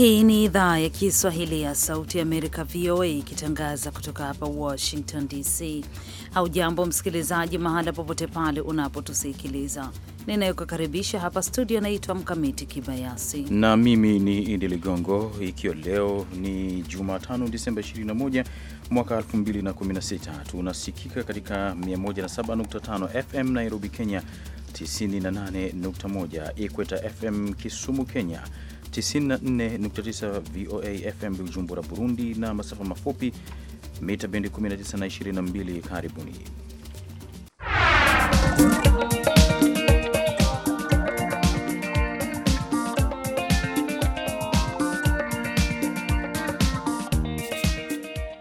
Hii ni idhaa ya Kiswahili ya Sauti ya Amerika, VOA, ikitangaza kutoka hapa Washington DC. Haujambo msikilizaji, mahala popote pale unapotusikiliza. Ninayokukaribisha hapa studio naitwa Mkamiti Kibayasi na mimi ni indi Ligongo, ikiwa leo ni Jumatano Disemba 21 mwaka 2016. Tunasikika katika 107.5 FM Nairobi, Kenya, 98.1 Equator FM Kisumu, Kenya, 94.9 VOA FM Bujumbura, Burundi na masafa mafupi mita bendi 19 na 22. Karibuni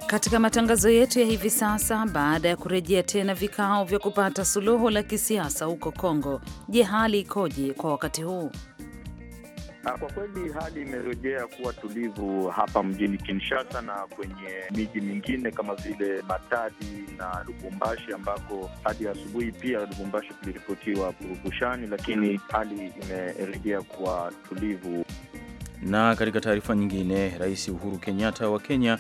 katika matangazo yetu ya hivi sasa. Baada ya kurejea tena vikao vya kupata suluhu la kisiasa huko Kongo, je, hali ikoje kwa wakati huu? Ah, kwa kweli hali imerejea kuwa tulivu hapa mjini Kinshasa na kwenye miji mingine kama vile Matadi na Lubumbashi, ambako hadi asubuhi pia Lubumbashi kuliripotiwa purukushani, lakini hali imerejea kuwa tulivu. Na katika taarifa nyingine, Rais Uhuru Kenyatta wa Kenya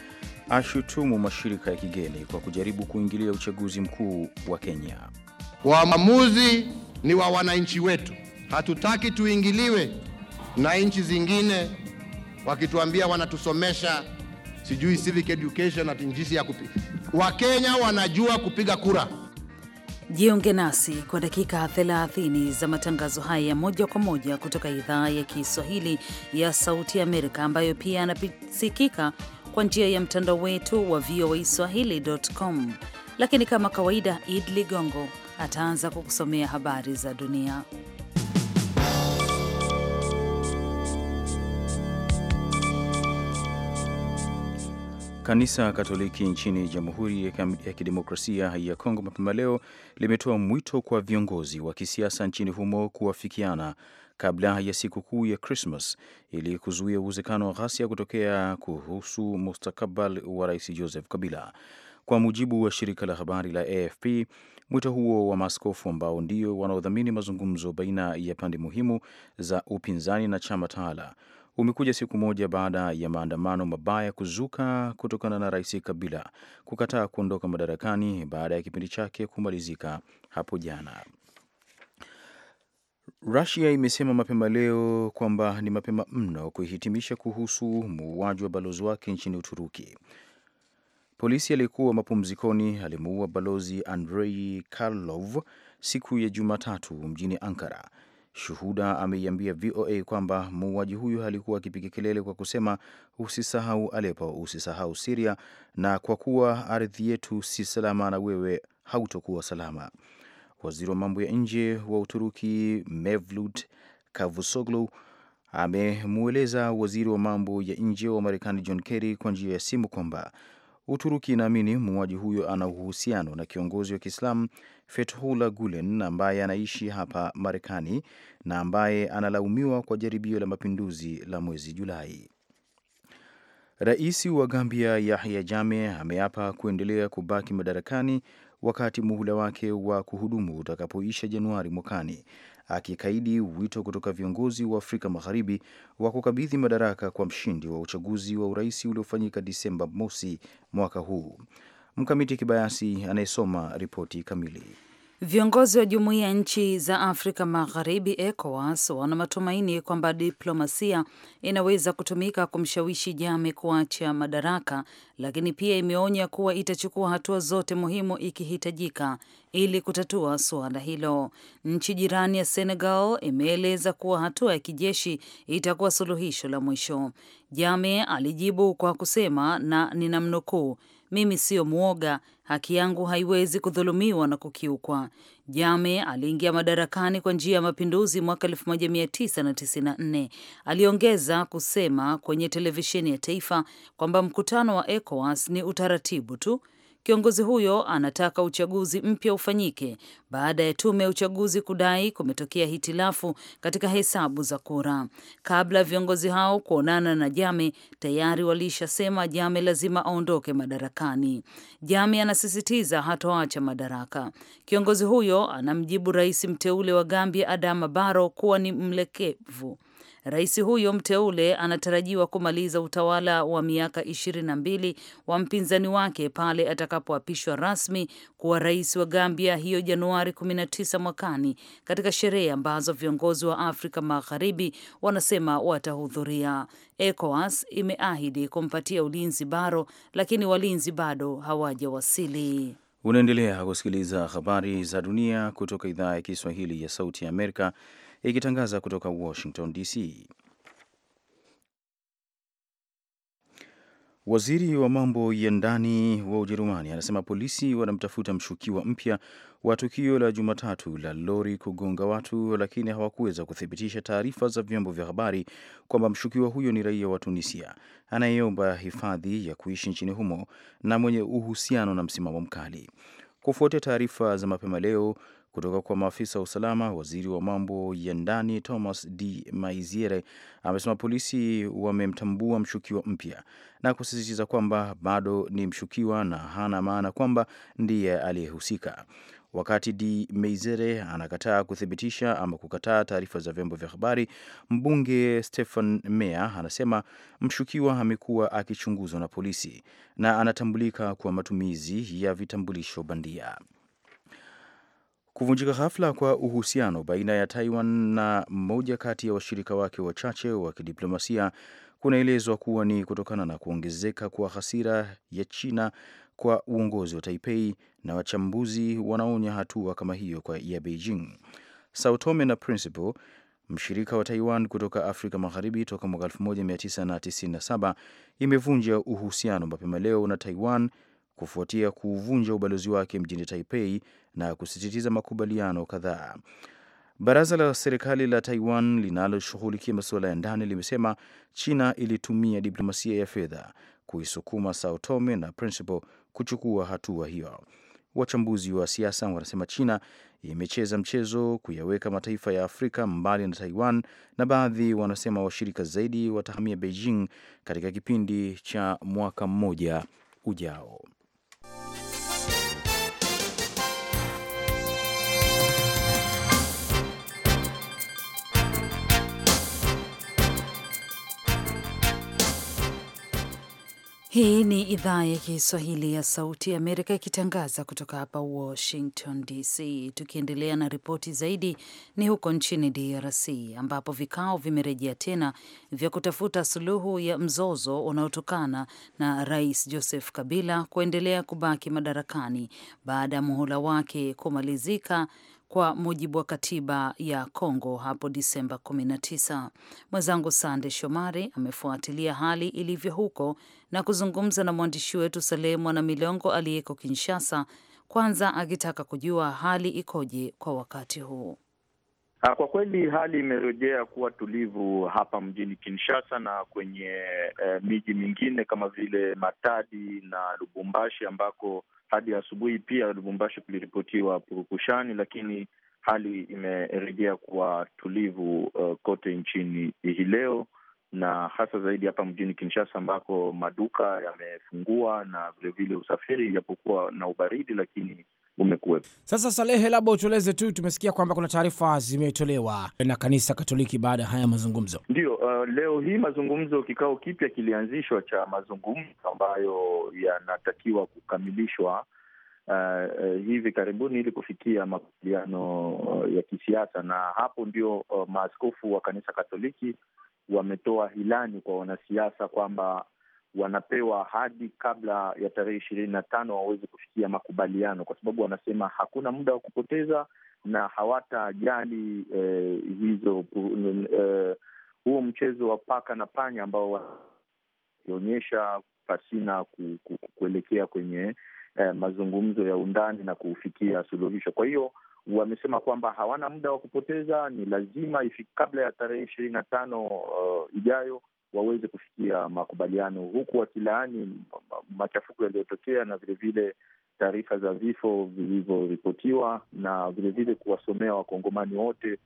ashutumu mashirika ya kigeni kwa kujaribu kuingilia uchaguzi mkuu wa Kenya. Waamuzi ni wa wananchi wetu, hatutaki tuingiliwe na nchi zingine wakituambia wanatusomesha sijui civic education ati jinsi ya kupiga. Wakenya wanajua kupiga kura. Jiunge nasi kwa dakika 30 za matangazo haya ya moja kwa moja kutoka idhaa ya Kiswahili ya Sauti ya Amerika, ambayo pia yanasikika kwa njia ya mtandao wetu wa VOA Swahili.com. Lakini kama kawaida, Id Ligongo ataanza kukusomea habari za dunia. Kanisa Katoliki nchini Jamhuri ya Kidemokrasia ya Kongo mapema leo limetoa mwito kwa viongozi wa kisiasa nchini humo kuwafikiana kabla ya sikukuu ya Krismas ili kuzuia uwezekano wa ghasia kutokea kuhusu mustakabal wa Rais Joseph Kabila. Kwa mujibu wa shirika la habari la AFP, mwito huo wa maaskofu ambao ndio wanaodhamini mazungumzo baina ya pande muhimu za upinzani na chama tawala umekuja siku moja baada ya maandamano mabaya kuzuka kutokana na Rais Kabila kukataa kuondoka madarakani baada ya kipindi chake kumalizika hapo jana. Rusia imesema mapema leo kwamba ni mapema mno kuhitimisha kuhusu muuaji wa balozi wake nchini Uturuki. Polisi aliyekuwa mapumzikoni alimuua balozi Andrei Karlov siku ya Jumatatu mjini Ankara Shuhuda ameiambia VOA kwamba muuaji huyo alikuwa akipiga kelele kwa kusema usisahau Alepo, usisahau Siria, na kwa kuwa ardhi yetu si salama na wewe hautokuwa salama. Waziri wa mambo ya nje wa Uturuki Mevlut Cavusoglu amemweleza waziri wa mambo ya nje wa Marekani John Kerry kwa njia ya simu kwamba Uturuki inaamini muuaji huyo ana uhusiano na kiongozi wa Kiislamu Fethullah Gulen ambaye anaishi hapa Marekani na ambaye analaumiwa kwa jaribio la mapinduzi la mwezi Julai. Rais wa Gambia Yahya Jammeh ameapa kuendelea kubaki madarakani wakati muhula wake wa kuhudumu utakapoisha Januari mwakani, akikaidi wito kutoka viongozi wa Afrika Magharibi wa kukabidhi madaraka kwa mshindi wa uchaguzi wa urais uliofanyika Disemba mosi mwaka huu. Mkamiti Kibayasi anayesoma ripoti kamili. Viongozi wa jumuiya ya nchi za Afrika Magharibi, ECOWAS, wana matumaini kwamba diplomasia inaweza kutumika kumshawishi Jame kuacha madaraka, lakini pia imeonya kuwa itachukua hatua zote muhimu ikihitajika ili kutatua suala hilo. Nchi jirani ya Senegal imeeleza kuwa hatua ya kijeshi itakuwa suluhisho la mwisho. Jame alijibu kwa kusema na ninamnukuu mimi siyo mwoga, haki yangu haiwezi kudhulumiwa na kukiukwa. Jame aliingia madarakani kwa njia ya mapinduzi mwaka 1994. Aliongeza kusema kwenye televisheni ya taifa kwamba mkutano wa ECOWAS ni utaratibu tu Kiongozi huyo anataka uchaguzi mpya ufanyike baada ya tume ya uchaguzi kudai kumetokea hitilafu katika hesabu za kura. Kabla viongozi hao kuonana na Jame, tayari walishasema Jame lazima aondoke madarakani. Jame anasisitiza hatoacha madaraka. Kiongozi huyo anamjibu rais mteule wa Gambia Adama Barrow kuwa ni mlekevu. Rais huyo mteule anatarajiwa kumaliza utawala wa miaka ishirini na mbili wa mpinzani wake pale atakapoapishwa rasmi kuwa rais wa Gambia hiyo Januari 19 mwakani katika sherehe ambazo viongozi wa Afrika Magharibi wanasema watahudhuria. ECOWAS imeahidi kumpatia ulinzi Baro, lakini walinzi bado hawajawasili. Unaendelea kusikiliza habari za dunia kutoka idhaa ya Kiswahili ya Sauti ya Amerika, ikitangaza kutoka Washington DC. Waziri wa mambo ya ndani wa Ujerumani anasema polisi wanamtafuta mshukiwa mpya wa tukio la Jumatatu la lori kugonga watu, lakini hawakuweza kuthibitisha taarifa za vyombo vya habari kwamba mshukiwa huyo ni raia wa Tunisia anayeomba hifadhi ya kuishi nchini humo na mwenye uhusiano na msimamo mkali. Kufuatia taarifa za mapema leo kutoka kwa maafisa wa usalama. Waziri wa mambo ya ndani Thomas D Maiziere amesema polisi wamemtambua mshukiwa mpya na kusisitiza kwamba bado ni mshukiwa na hana maana kwamba ndiye aliyehusika. Wakati D Meizere anakataa kuthibitisha ama kukataa taarifa za vyombo vya habari, mbunge Stephen Mea anasema mshukiwa amekuwa akichunguzwa na polisi na anatambulika kwa matumizi ya vitambulisho bandia. Kuvunjika ghafla kwa uhusiano baina ya Taiwan na mmoja kati ya washirika wake wachache wa kidiplomasia kunaelezwa kuwa ni kutokana na kuongezeka kwa hasira ya China kwa uongozi wa Taipei, na wachambuzi wanaonya hatua kama hiyo kwa ya Beijing. Sao Tome na Principe, mshirika wa Taiwan kutoka Afrika Magharibi toka mwaka 1997, imevunja uhusiano mapema leo na Taiwan kufuatia kuuvunja ubalozi wake mjini Taipei na kusisitiza makubaliano kadhaa. Baraza la serikali la Taiwan linaloshughulikia masuala ya ndani limesema China ilitumia diplomasia ya fedha kuisukuma Sao Tome na Principe kuchukua hatua hiyo. Wachambuzi wa siasa wanasema China imecheza mchezo kuyaweka mataifa ya Afrika mbali na Taiwan, na baadhi wanasema washirika zaidi watahamia Beijing katika kipindi cha mwaka mmoja ujao. Hii ni idhaa ya Kiswahili ya Sauti ya Amerika ikitangaza kutoka hapa Washington DC. Tukiendelea na ripoti zaidi, ni huko nchini DRC ambapo vikao vimerejea tena vya kutafuta suluhu ya mzozo unaotokana na Rais Joseph Kabila kuendelea kubaki madarakani baada ya muhula wake kumalizika kwa mujibu wa katiba ya Kongo hapo Disemba 19. Mwenzangu Sande Shomari amefuatilia hali ilivyo huko na kuzungumza na mwandishi wetu Salehe Mwana Milongo aliyeko Kinshasa, kwanza akitaka kujua hali ikoje kwa wakati huu. Ah, kwa kweli hali imerejea kuwa tulivu hapa mjini Kinshasa na kwenye e, miji mingine kama vile Matadi na Lubumbashi ambako hadi asubuhi pia Lubumbashi kuliripotiwa purukushani, lakini hali imerejea kuwa tulivu uh, kote nchini hii leo na hasa zaidi hapa mjini Kinshasa ambako maduka yamefungua na vilevile usafiri, ijapokuwa na ubaridi, lakini umekuwepo. Sasa Salehe, labda utueleze tu, tumesikia kwamba kuna taarifa zimetolewa na kanisa Katoliki baada ya haya mazungumzo. ndio uh, leo hii mazungumzo, kikao kipya kilianzishwa cha mazungumzo ambayo yanatakiwa kukamilishwa Uh, uh hivi karibuni ili kufikia makubaliano uh, ya kisiasa na hapo ndio uh, maaskofu wa kanisa Katoliki wametoa hilani kwa wanasiasa kwamba wanapewa hadi kabla ya tarehe ishirini na tano waweze kufikia makubaliano, kwa sababu wanasema hakuna muda wa kupoteza na hawatajali eh, hizo eh, huo mchezo wa paka na panya ambao wakionyesha pasina ku, ku, kuelekea kwenye eh, mazungumzo ya undani na kufikia suluhisho. Kwa hiyo wamesema kwamba hawana muda wa kupoteza, ni lazima ifi kabla ya tarehe ishirini na tano uh, ijayo waweze kufikia makubaliano, huku wakilaani machafuko yaliyotokea na vilevile taarifa za vifo vilivyoripotiwa na vilevile kuwasomea wakongomani wote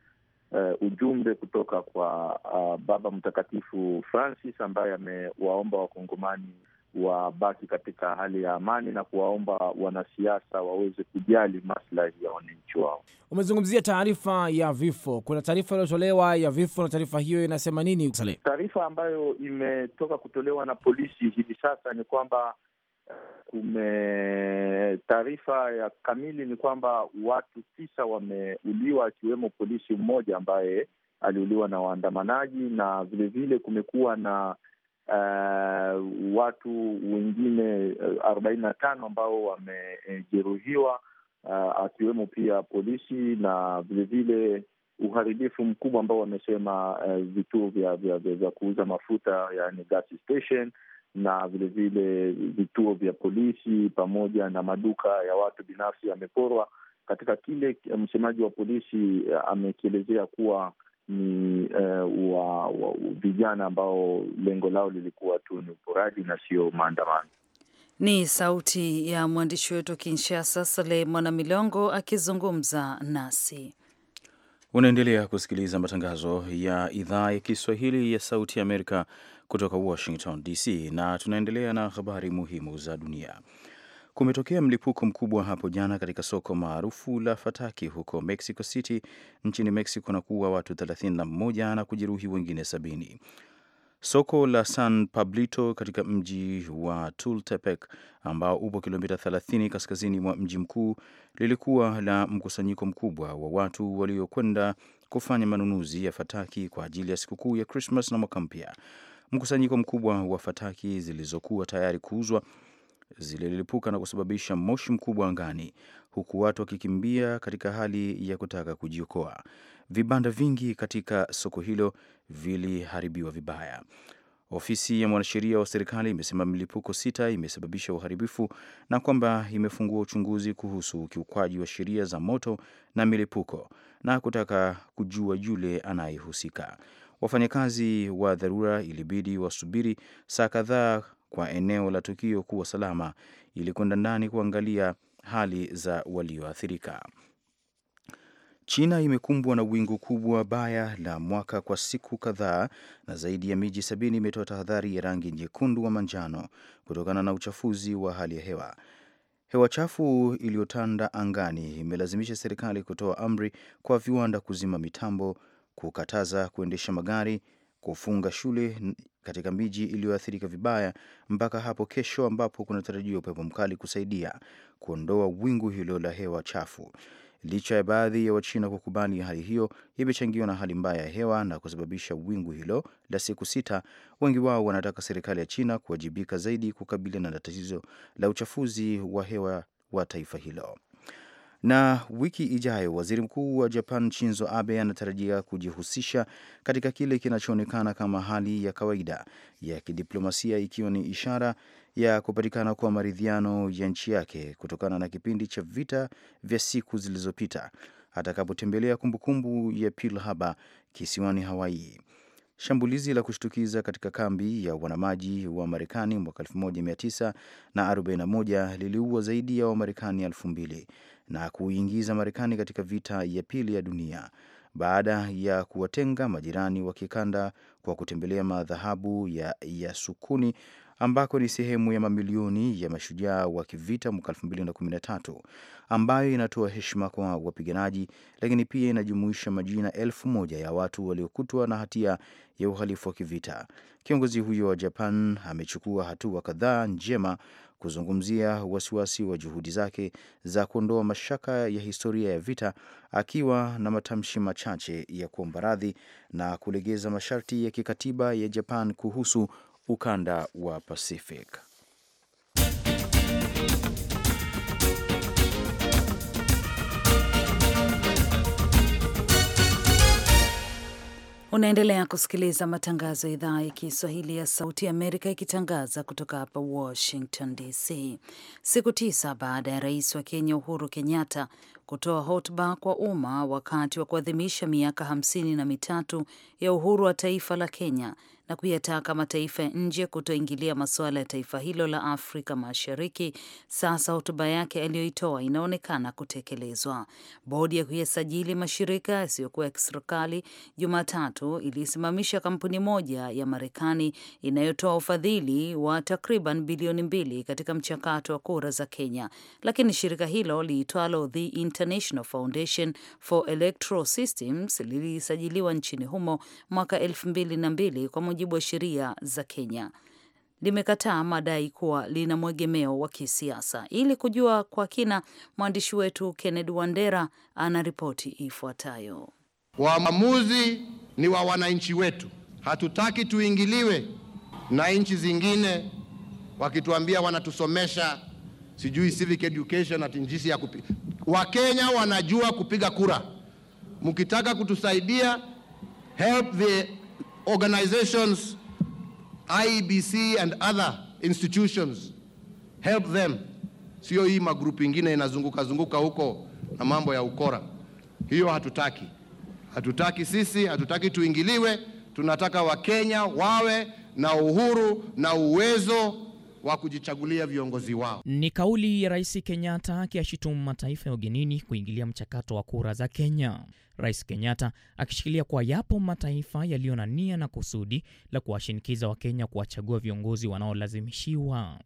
uh, ujumbe kutoka kwa uh, Baba Mtakatifu Francis ambaye amewaomba wakongomani wabaki katika hali ya amani na kuwaomba wanasiasa waweze kujali maslahi ya wananchi wao. Umezungumzia taarifa ya vifo, kuna taarifa iliyotolewa ya vifo, na taarifa hiyo inasema nini? Taarifa ambayo imetoka kutolewa na polisi hivi sasa ni kwamba eh, kume taarifa ya kamili ni kwamba watu tisa wameuliwa, akiwemo polisi mmoja ambaye aliuliwa na waandamanaji, na vilevile kumekuwa na uh, watu wengine uh, arobaini na tano ambao wamejeruhiwa uh, akiwemo pia polisi na vilevile uharibifu mkubwa ambao wamesema uh, vituo vya, vya, vya, vya kuuza mafuta yani gas station na vilevile vile vituo vya polisi pamoja na maduka ya watu binafsi yameporwa. Katika kile uh, msemaji wa polisi uh, amekielezea kuwa ni uh, wa, wa vijana ambao lengo lao lilikuwa tu ni uporaji na sio maandamano. Ni sauti ya mwandishi wetu Kinshasa, Saleh Mwanamilongo akizungumza nasi. Unaendelea kusikiliza matangazo ya idhaa ya Kiswahili ya Sauti ya Amerika kutoka Washington DC, na tunaendelea na habari muhimu za dunia. Kumetokea mlipuko mkubwa hapo jana katika soko maarufu la Fataki huko Mexico City nchini Mexico na kuua watu 31 na kujeruhi wengine sabini. Soko la San Pablito katika mji wa Tultepec ambao upo kilomita 30 kaskazini mwa mji mkuu lilikuwa la mkusanyiko mkubwa wa watu waliokwenda kufanya manunuzi ya fataki kwa ajili ya sikukuu ya Krismas na mwaka mpya. Mkusanyiko mkubwa wa fataki zilizokuwa tayari kuuzwa zililipuka na kusababisha moshi mkubwa angani, huku watu wakikimbia katika hali ya kutaka kujiokoa. Vibanda vingi katika soko hilo viliharibiwa vibaya. Ofisi ya mwanasheria wa serikali imesema milipuko sita imesababisha uharibifu na kwamba imefungua uchunguzi kuhusu ukiukwaji wa sheria za moto na milipuko na kutaka kujua yule anayehusika. Wafanyakazi wa dharura ilibidi wasubiri saa kadhaa kwa eneo la tukio kuwa salama ili kwenda ndani kuangalia hali za walioathirika. China imekumbwa na wingu kubwa baya la mwaka kwa siku kadhaa na zaidi ya miji sabini imetoa tahadhari ya rangi nyekundu wa manjano kutokana na uchafuzi wa hali ya hewa. Hewa chafu iliyotanda angani imelazimisha serikali kutoa amri kwa viwanda kuzima mitambo, kukataza kuendesha magari kufunga shule katika miji iliyoathirika vibaya mpaka hapo kesho, ambapo kunatarajiwa upepo mkali kusaidia kuondoa wingu hilo la hewa chafu. Licha ya baadhi ya Wachina kukubali hali hiyo imechangiwa na hali mbaya ya hewa na kusababisha wingu hilo la siku sita, wengi wao wanataka serikali ya China kuwajibika zaidi kukabiliana na tatizo la uchafuzi wa hewa wa taifa hilo. Na wiki ijayo waziri mkuu wa Japan Shinzo Abe anatarajia kujihusisha katika kile kinachoonekana kama hali ya kawaida ya kidiplomasia, ikiwa ni ishara ya kupatikana kwa maridhiano ya nchi yake kutokana na kipindi cha vita vya siku zilizopita atakapotembelea kumbukumbu ya Pearl Harbor kisiwani Hawaii. Shambulizi la kushtukiza katika kambi ya wanamaji wa Marekani mwaka 1941 liliua zaidi ya Wamarekani elfu mbili na kuingiza Marekani katika vita ya pili ya dunia baada ya kuwatenga majirani wa kikanda kwa kutembelea madhahabu ya Yasukuni ambako ni sehemu ya mamilioni ya mashujaa wa kivita mwaka tatu ambayo inatoa heshima kwa wapiganaji, lakini pia inajumuisha majina elfu moja ya watu waliokutwa na hatia ya uhalifu wa kivita. Kiongozi huyo wa Japan amechukua hatua kadhaa njema kuzungumzia wasiwasi wa juhudi zake za kuondoa mashaka ya historia ya vita, akiwa na matamshi machache ya kuomba radhi na kulegeza masharti ya kikatiba ya Japan kuhusu ukanda wa Pacific. Unaendelea kusikiliza matangazo ya idhaa ya Kiswahili ya Sauti Amerika ikitangaza kutoka hapa Washington DC. Siku tisa baada ya rais wa Kenya Uhuru Kenyatta kutoa hotuba kwa umma wakati wa kuadhimisha miaka hamsini na mitatu ya uhuru wa taifa la Kenya na kuyataka mataifa ya nje kutoingilia masuala ya taifa hilo la Afrika Mashariki. Sasa hotuba yake aliyoitoa inaonekana kutekelezwa. Bodi ya kuyasajili mashirika yasiyokuwa ya kiserikali Jumatatu ilisimamisha kampuni moja ya Marekani inayotoa ufadhili wa takriban bilioni mbili katika mchakato wa kura za Kenya, lakini shirika hilo liitwalo The International Foundation for Electoral Systems lilisajiliwa nchini humo mwaka elfu mbili na mbili kwa mujibu mujibu wa sheria za Kenya. Limekataa madai kuwa lina mwegemeo wa kisiasa. Ili kujua kwa kina, mwandishi wetu Kennedy Wandera ana ripoti ifuatayo. Waamuzi ni wa wananchi wetu, hatutaki tuingiliwe na nchi zingine wakituambia wanatusomesha sijui civic education ati njisi ya kupiga. Wakenya wanajua kupiga kura, mkitaka kutusaidia help the organizations, IBC and other institutions help them, sio hii magrupu ingine inazunguka zunguka huko na mambo ya ukora. Hiyo hatutaki, hatutaki sisi, hatutaki tuingiliwe. Tunataka Wakenya wawe na uhuru na uwezo wa kujichagulia viongozi wao. Ni kauli ya Rais Kenyatta akiashitumu mataifa ya ugenini kuingilia mchakato wa kura za Kenya. Rais Kenyatta akishikilia kuwa yapo mataifa yaliyo na nia na kusudi la kuwashinikiza Wakenya kuwachagua viongozi wanaolazimishiwa.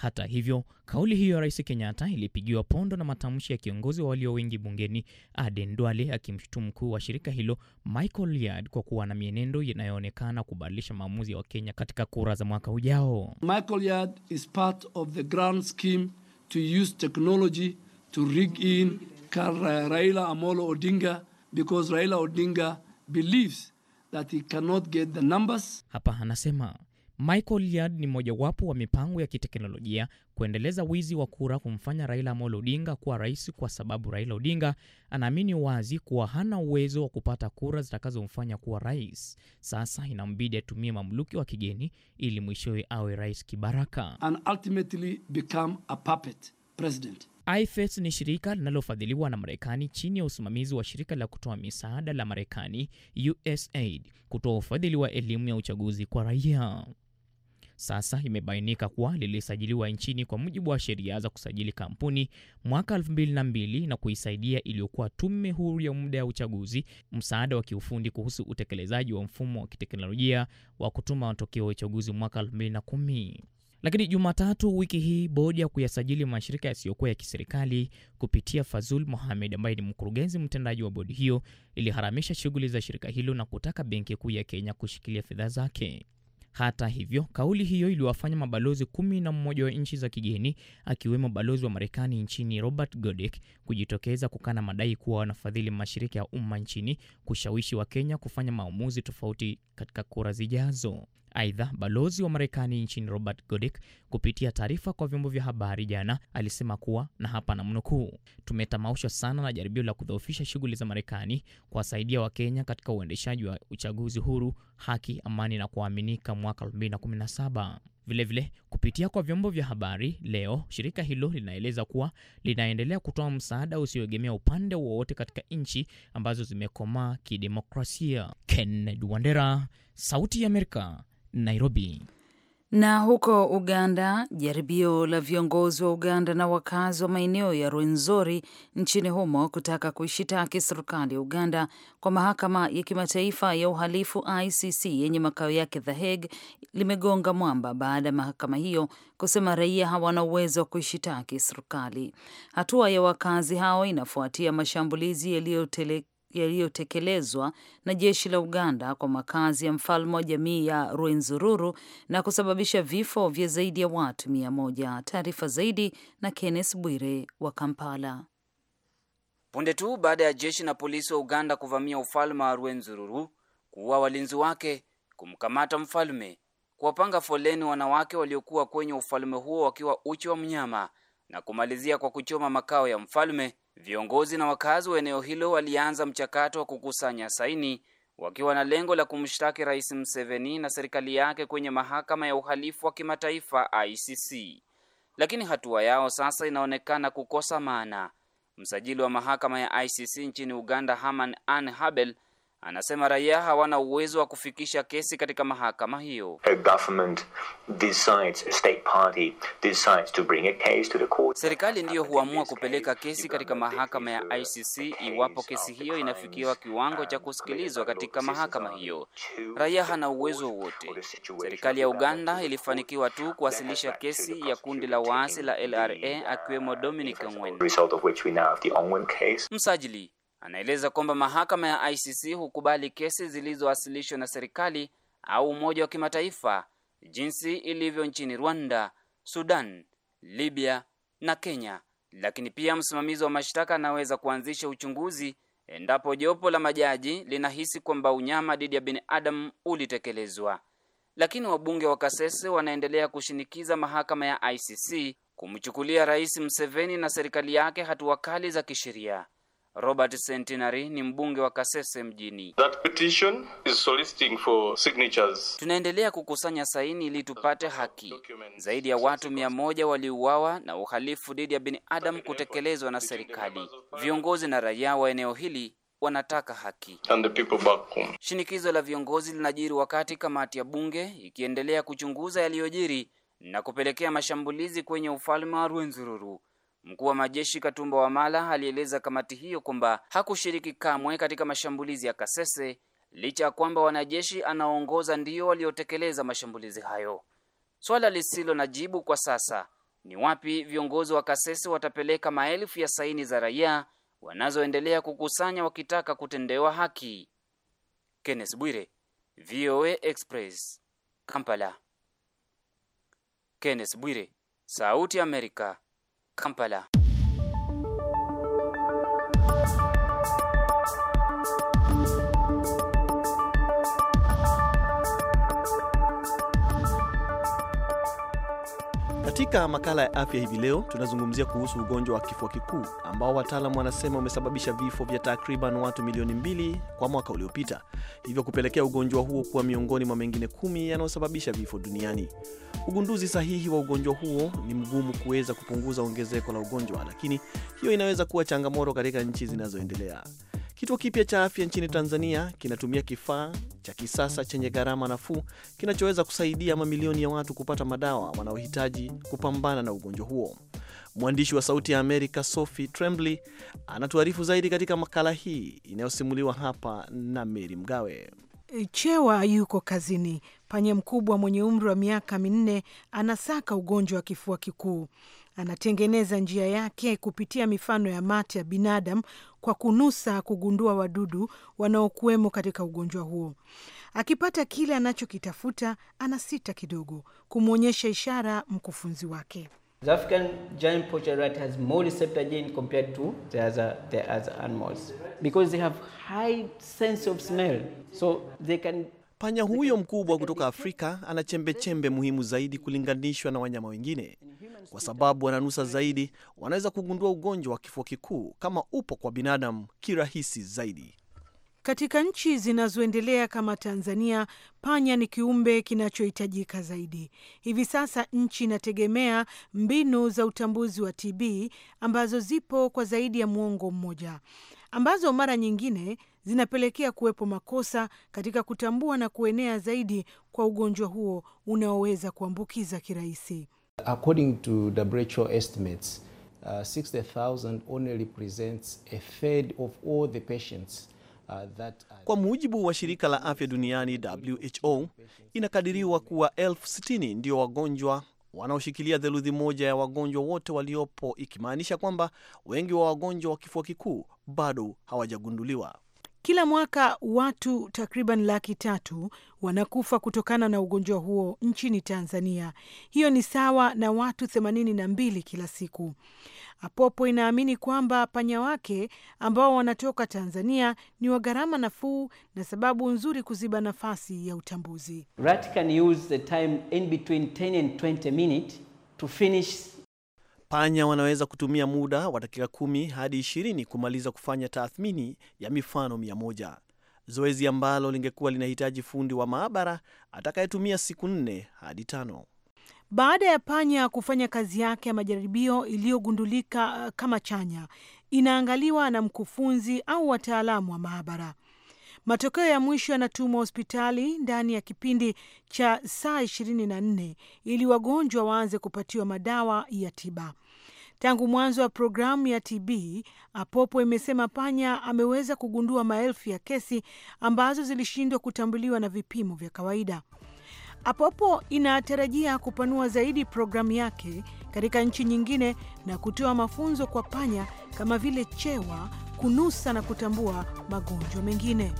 Hata hivyo, kauli hiyo ya Rais Kenyatta ilipigiwa pondo na matamshi ya kiongozi wa walio wengi bungeni Aden Duale akimshutumu mkuu wa shirika hilo Michael Yard kwa kuwa na mienendo inayoonekana kubadilisha maamuzi ya Wakenya katika kura za mwaka ujao. Michael Yard is part of the grand scheme to use technology to rig in Raila Amolo Odinga because Raila Odinga believes that he cannot get the numbers. Hapa anasema Michael Yard ni mmojawapo wa mipango ya kiteknolojia kuendeleza wizi wa kura kumfanya Raila Amolo Odinga kuwa rais, kwa sababu Raila Odinga anaamini wazi kuwa hana uwezo wa kupata kura zitakazomfanya kuwa rais. Sasa inambidi atumie mamluki wa kigeni ili mwishowe awe rais kibaraka And ultimately become a puppet president. IFES ni shirika linalofadhiliwa na Marekani chini ya usimamizi wa shirika la kutoa misaada la Marekani USAID kutoa ufadhili wa elimu ya uchaguzi kwa raia sasa imebainika kuwa lilisajiliwa nchini kwa mujibu wa sheria za kusajili kampuni mwaka 2002 na kuisaidia iliyokuwa Tume Huru ya Muda ya Uchaguzi msaada wa kiufundi kuhusu utekelezaji wa mfumo wa kiteknolojia wa kutuma matokeo ya uchaguzi mwaka 2010. Lakini Jumatatu wiki hii bodi ya kuyasajili mashirika yasiyokuwa ya kiserikali kupitia Fazul Mohamed ambaye ni mkurugenzi mtendaji wa bodi hiyo iliharamisha shughuli za shirika hilo na kutaka Benki Kuu ya Kenya kushikilia fedha zake. Hata hivyo, kauli hiyo iliwafanya mabalozi kumi na mmoja wa nchi za kigeni akiwemo balozi wa Marekani nchini Robert Godek kujitokeza kukana madai kuwa wanafadhili mashirika ya umma nchini kushawishi Wakenya kufanya maamuzi tofauti katika kura zijazo. Aidha, balozi wa Marekani nchini Robert Godick kupitia taarifa kwa vyombo vya habari jana alisema kuwa na hapa na mnukuu tumetamaushwa sana na jaribio la kudhoofisha shughuli za Marekani kuwasaidia Wakenya katika uendeshaji wa uchaguzi huru, haki, amani na kuaminika mwaka 2017. Vilevile vile, kupitia kwa vyombo vya habari leo, shirika hilo linaeleza kuwa linaendelea kutoa msaada usioegemea upande wowote katika nchi ambazo zimekomaa kidemokrasia. Kennedy Wandera, Sauti ya Amerika, Nairobi. Na huko Uganda, jaribio la viongozi wa Uganda na wakazi wa maeneo ya Rwenzori nchini humo kutaka kuishitaki serikali ya Uganda kwa mahakama ya kimataifa ya uhalifu ICC yenye makao yake The Hague limegonga mwamba baada ya mahakama hiyo kusema raia hawana uwezo wa kuishitaki serikali. Hatua ya wakazi hao inafuatia mashambulizi yaliyotele yaliyotekelezwa na jeshi la Uganda kwa makazi ya mfalme wa jamii ya Rwenzururu na kusababisha vifo vya zaidi ya watu mia moja. Taarifa zaidi na Kenneth Bwire wa Kampala. Punde tu baada ya jeshi na polisi wa Uganda kuvamia ufalme wa Rwenzururu, kuua walinzi wake, kumkamata mfalme, kuwapanga foleni wanawake waliokuwa kwenye ufalme huo wakiwa uchi wa mnyama na kumalizia kwa kuchoma makao ya mfalme Viongozi na wakazi wa eneo hilo walianza mchakato wa kukusanya saini wakiwa na lengo la kumshtaki Rais mseveni na serikali yake kwenye mahakama ya uhalifu wa kimataifa ICC. Lakini hatua yao sasa inaonekana kukosa maana. Msajili wa mahakama ya ICC nchini Uganda, haman Ann Habel Anasema raia hawana uwezo wa kufikisha kesi katika mahakama hiyo. Serikali ndiyo huamua kupeleka kesi katika mahakama ya ICC iwapo kesi hiyo inafikiwa kiwango cha kusikilizwa katika mahakama hiyo. Raia hana uwezo wowote Serikali ya Uganda ilifanikiwa tu kuwasilisha kesi ya kundi la waasi la LRA akiwemo uh, Dominic Ongwen. Msajili anaeleza kwamba mahakama ya ICC hukubali kesi zilizowasilishwa na serikali au umoja wa kimataifa jinsi ilivyo nchini Rwanda, Sudan, Libya na Kenya, lakini pia msimamizi wa mashtaka anaweza kuanzisha uchunguzi endapo jopo la majaji linahisi kwamba unyama dhidi ya binadamu ulitekelezwa. Lakini wabunge wa Kasese wanaendelea kushinikiza mahakama ya ICC kumchukulia Rais mseveni na serikali yake hatua kali za kisheria. Robert Centenary ni mbunge wa Kasese mjini. That petition is soliciting for signatures. Tunaendelea kukusanya saini ili tupate haki. Zaidi ya watu mia moja waliuawa na uhalifu dhidi ya binadamu kutekelezwa na serikali. Viongozi na raia wa eneo hili wanataka haki. And the people back home. Shinikizo la viongozi linajiri wakati kamati ya bunge ikiendelea kuchunguza yaliyojiri na kupelekea mashambulizi kwenye ufalme wa Rwenzururu. Mkuu wa majeshi Katumba Wamala alieleza kamati hiyo kwamba hakushiriki kamwe katika mashambulizi ya Kasese licha ya kwamba wanajeshi anaoongoza ndio waliotekeleza mashambulizi hayo. Swala lisilo na jibu kwa sasa ni wapi viongozi wa Kasese watapeleka maelfu ya saini za raia wanazoendelea kukusanya wakitaka kutendewa haki. Kenneth Bwire, VOA Express, Kampala. Kenneth Bwire, Sauti ya Amerika. Kampala. Katika makala ya afya hivi leo tunazungumzia kuhusu ugonjwa wa kifua kikuu ambao wataalam wanasema umesababisha vifo vya takriban watu milioni mbili kwa mwaka uliopita, hivyo kupelekea ugonjwa huo kuwa miongoni mwa mengine kumi yanayosababisha vifo duniani. Ugunduzi sahihi wa ugonjwa huo ni mgumu kuweza kupunguza ongezeko la ugonjwa, lakini hiyo inaweza kuwa changamoto katika nchi zinazoendelea. Kituo kipya cha afya nchini Tanzania kinatumia kifaa cha kisasa chenye gharama nafuu kinachoweza kusaidia mamilioni ya watu kupata madawa wanaohitaji kupambana na ugonjwa huo. Mwandishi wa Sauti ya Amerika Sophie trembly anatuarifu zaidi katika makala hii inayosimuliwa hapa na Meri Mgawe. Chewa yuko kazini Panya mkubwa mwenye umri wa miaka minne anasaka ugonjwa wa kifua kikuu. Anatengeneza njia yake kupitia mifano ya mate ya binadamu kwa kunusa, kugundua wadudu wanaokuwemo katika ugonjwa huo. Akipata kile anachokitafuta, anasita kidogo kumwonyesha ishara mkufunzi wake. Panya huyo mkubwa kutoka Afrika ana chembechembe muhimu zaidi kulinganishwa na wanyama wengine, kwa sababu wananusa zaidi, wanaweza kugundua ugonjwa wa kifua kikuu kama upo kwa binadamu kirahisi zaidi. Katika nchi zinazoendelea kama Tanzania, panya ni kiumbe kinachohitajika zaidi. Hivi sasa nchi inategemea mbinu za utambuzi wa TB ambazo zipo kwa zaidi ya muongo mmoja, ambazo mara nyingine zinapelekea kuwepo makosa katika kutambua na kuenea zaidi kwa ugonjwa huo unaoweza kuambukiza kirahisi. According to WHO estimates, uh, 60,000 only represents a third of all the patients uh, kwa mujibu wa shirika la afya duniani WHO, inakadiriwa kuwa elfu sitini ndio wagonjwa wanaoshikilia theluthi moja ya wagonjwa wote waliopo, ikimaanisha kwamba wengi wa wagonjwa wa kifua kikuu bado hawajagunduliwa. Kila mwaka watu takriban laki tatu wanakufa kutokana na ugonjwa huo nchini Tanzania. Hiyo ni sawa na watu themanini na mbili kila siku. Apopo inaamini kwamba panya wake ambao wanatoka Tanzania ni wa gharama nafuu na sababu nzuri kuziba nafasi ya utambuzi. Rat can use the time in between 10 and 20 minutes to finish Panya wanaweza kutumia muda wa dakika kumi hadi ishirini kumaliza kufanya tathmini ya mifano mia moja, zoezi ambalo lingekuwa linahitaji fundi wa maabara atakayetumia siku nne hadi tano. Baada ya panya kufanya kazi yake ya majaribio iliyogundulika eh, kama chanya, inaangaliwa na mkufunzi au wataalamu wa maabara. Matokeo ya mwisho yanatumwa hospitali ndani ya kipindi cha saa ishirini na nne ili wagonjwa waanze kupatiwa madawa ya tiba. Tangu mwanzo wa programu ya TB Apopo imesema panya ameweza kugundua maelfu ya kesi ambazo zilishindwa kutambuliwa na vipimo vya kawaida. Apopo inatarajia kupanua zaidi programu yake katika nchi nyingine na kutoa mafunzo kwa panya kama vile chewa, kunusa na kutambua magonjwa mengine.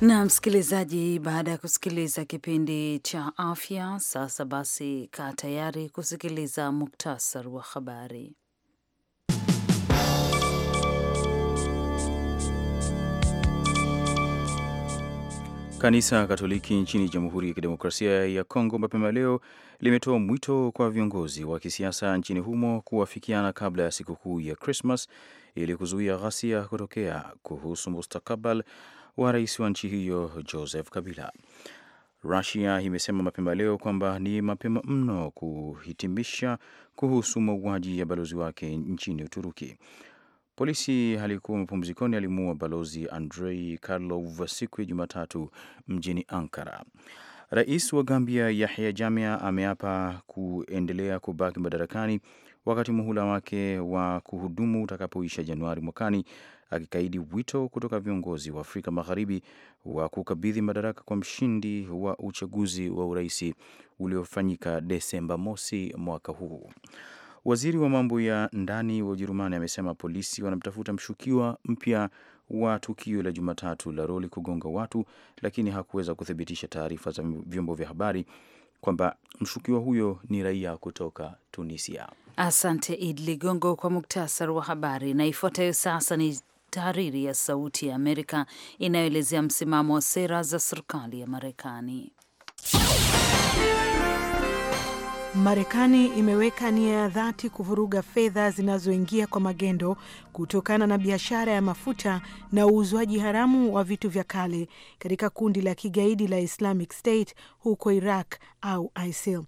na msikilizaji, baada ya kusikiliza kipindi cha afya, sasa basi kaa tayari kusikiliza muktasar wa habari. Kanisa Katoliki nchini Jamhuri ya Kidemokrasia ya Kongo mapema leo limetoa mwito kwa viongozi wa kisiasa nchini humo kuwafikiana kabla ya sikukuu ya Krismas ili kuzuia ghasia kutokea kuhusu mustakabali wa rais wa nchi hiyo Joseph Kabila. Rusia imesema mapema leo kwamba ni mapema mno kuhitimisha kuhusu mauaji ya balozi wake nchini Uturuki. Polisi alikuwa mapumzikoni, alimuua balozi Andrei Karlov siku ya Jumatatu mjini Ankara. Rais wa Gambia Yahya jamia ameapa kuendelea kubaki madarakani wakati muhula wake wa kuhudumu utakapoisha Januari mwakani, akikaidi wito kutoka viongozi wa Afrika Magharibi wa kukabidhi madaraka kwa mshindi wa uchaguzi wa uraisi uliofanyika Desemba mosi mwaka huu. Waziri wa mambo ya ndani wa Ujerumani amesema polisi wanamtafuta mshukiwa mpya wa tukio la Jumatatu la roli kugonga watu, lakini hakuweza kuthibitisha taarifa za vyombo vya habari kwamba mshukiwa huyo ni raia kutoka Tunisia. Asante Id Ligongo kwa muktasari wa habari, na ifuatayo sasa ni tahariri ya Sauti ya Amerika inayoelezea msimamo wa sera za serikali ya Marekani. Marekani imeweka nia ya dhati kuvuruga fedha zinazoingia kwa magendo kutokana na biashara ya mafuta na uuzwaji haramu wa vitu vya kale katika kundi la kigaidi la Islamic State huko Iraq au ISIL.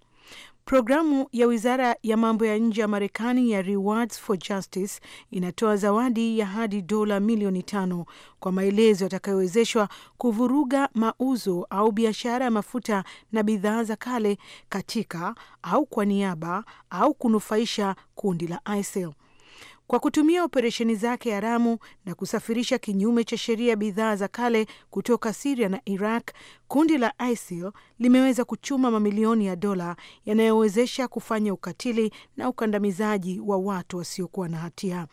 Programu ya wizara ya mambo ya nje ya Marekani ya Rewards for Justice inatoa zawadi ya hadi dola milioni tano kwa maelezo yatakayowezeshwa kuvuruga mauzo au biashara ya mafuta na bidhaa za kale katika au kwa niaba au kunufaisha kundi la ISIL kwa kutumia operesheni zake haramu na kusafirisha kinyume cha sheria bidhaa za kale kutoka Siria na Iraq, kundi la ISIL limeweza kuchuma mamilioni ya dola yanayowezesha kufanya ukatili na ukandamizaji wa watu wasiokuwa na hatia.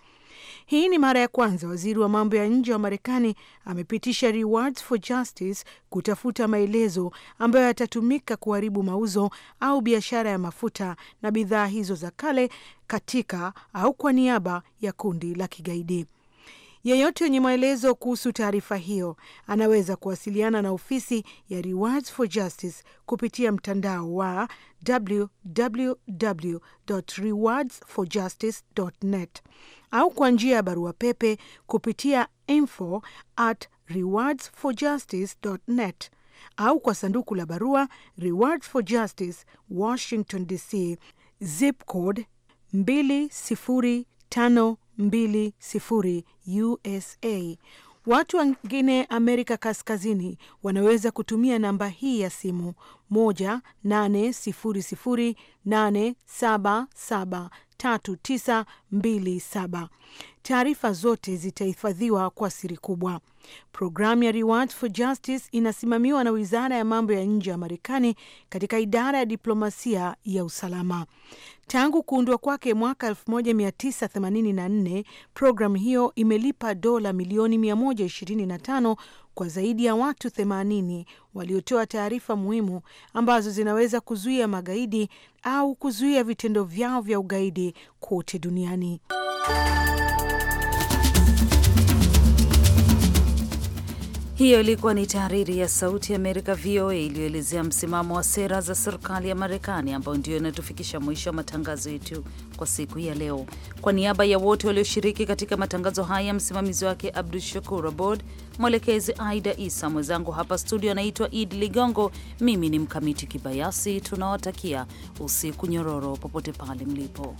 Hii ni mara ya kwanza waziri wa mambo ya nje wa Marekani amepitisha Rewards for Justice kutafuta maelezo ambayo yatatumika kuharibu mauzo au biashara ya mafuta na bidhaa hizo za kale katika au kwa niaba ya kundi la kigaidi. Yeyote yenye maelezo kuhusu taarifa hiyo anaweza kuwasiliana na ofisi ya Rewards for Justice kupitia mtandao wa www.rewardsforjustice.net au kwa njia ya barua pepe kupitia info at rewardsforjustice.net au kwa sanduku la barua Rewards for Justice, Washington DC, zip code 205 2 USA. Watu wengine Amerika Kaskazini wanaweza kutumia namba hii ya simu 18008773927. Taarifa zote zitahifadhiwa kwa siri kubwa. Programu ya Rewards for Justice inasimamiwa na wizara ya mambo ya nje ya Marekani katika idara ya diplomasia ya usalama. Tangu kuundwa kwake mwaka 1984 programu hiyo imelipa dola milioni 125 kwa zaidi ya watu 80 waliotoa taarifa muhimu ambazo zinaweza kuzuia magaidi au kuzuia vitendo vyao vya ugaidi kote duniani. Hiyo ilikuwa ni tahariri ya Sauti ya Amerika, VOA, iliyoelezea msimamo wa sera za serikali ya Marekani, ambayo ndio inatufikisha mwisho wa matangazo yetu kwa siku ya leo. Kwa niaba ya wote walioshiriki katika matangazo haya, msimamizi wake Abdu Shakur Abod, mwelekezi Aida Isa, mwenzangu hapa studio anaitwa Idi Ligongo, mimi ni Mkamiti Kibayasi. Tunawatakia usiku nyororo popote pale mlipo.